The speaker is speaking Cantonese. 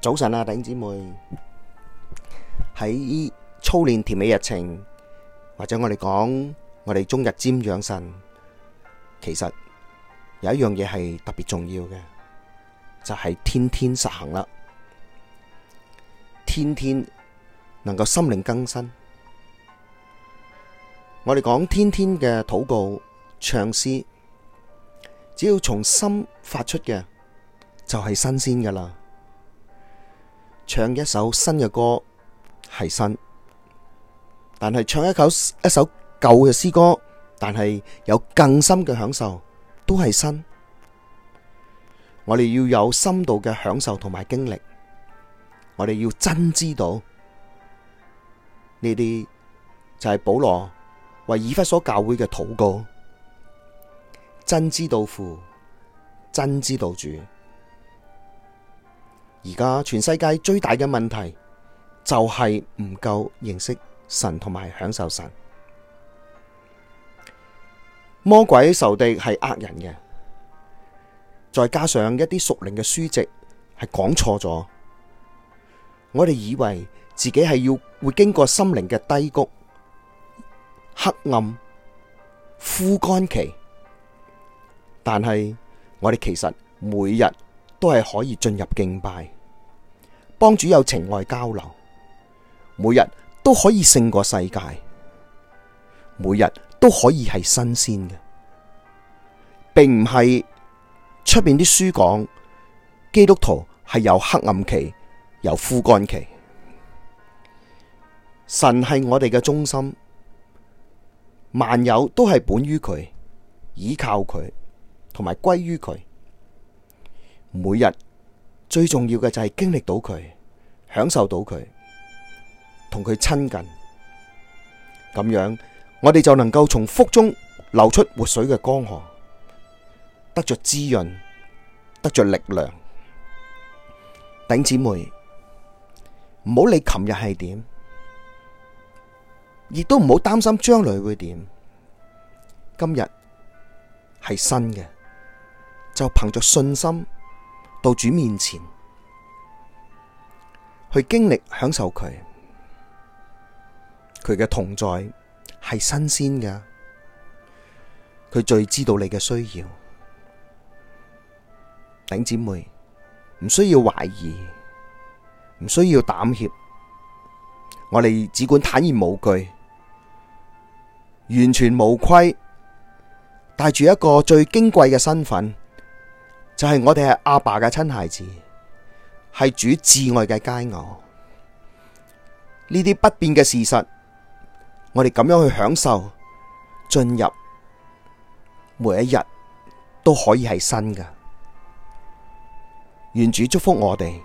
早晨啊，弟兄姊妹喺操練甜美日程，或者我哋講我哋終日瞻仰神，其實有一樣嘢係特別重要嘅，就係、是、天天實行啦。天天能夠心靈更新，我哋講天天嘅禱告、唱詩，只要從心發出嘅，就係、是、新鮮噶啦。唱一首新嘅歌係新，但係唱一首一首舊嘅詩歌，但係有更深嘅享受都係新。我哋要有深度嘅享受同埋經歷，我哋要真知道。呢啲就係保羅為以弗所教會嘅禱告，真知道父，真知道主。而家全世界最大嘅問題就係唔夠認識神同埋享受神。魔鬼仇敵係呃人嘅，再加上一啲熟靈嘅書籍係講錯咗，我哋以為自己係要會經過心靈嘅低谷、黑暗、枯乾期，但係我哋其實每日都係可以進入敬拜。幫主有情愛交流，每日都可以勝過世界，每日都可以係新鮮嘅，並唔係出面啲書講基督徒係有黑暗期、有枯乾期，神係我哋嘅中心，萬有都係本於佢，倚靠佢，同埋歸於佢，每日。最重要嘅就係經歷到佢，享受到佢，同佢親近，咁樣我哋就能夠從腹中流出活水嘅江河，得着滋潤，得着力量。弟兄姊妹，唔好理琴日係點，亦都唔好擔心將來會點。今日係新嘅，就憑着信心。到主面前去經歷享受佢，佢嘅同在係新鮮噶，佢最知道你嘅需要。頂姊妹唔需要懷疑，唔需要膽怯，我哋只管坦然無懼，完全無愧，帶住一個最矜貴嘅身份。就係、是、我哋係阿爸嘅親孩子，係主至愛嘅佳偶。呢啲不變嘅事實，我哋咁樣去享受，進入，每一日都可以係新嘅。願主祝福我哋。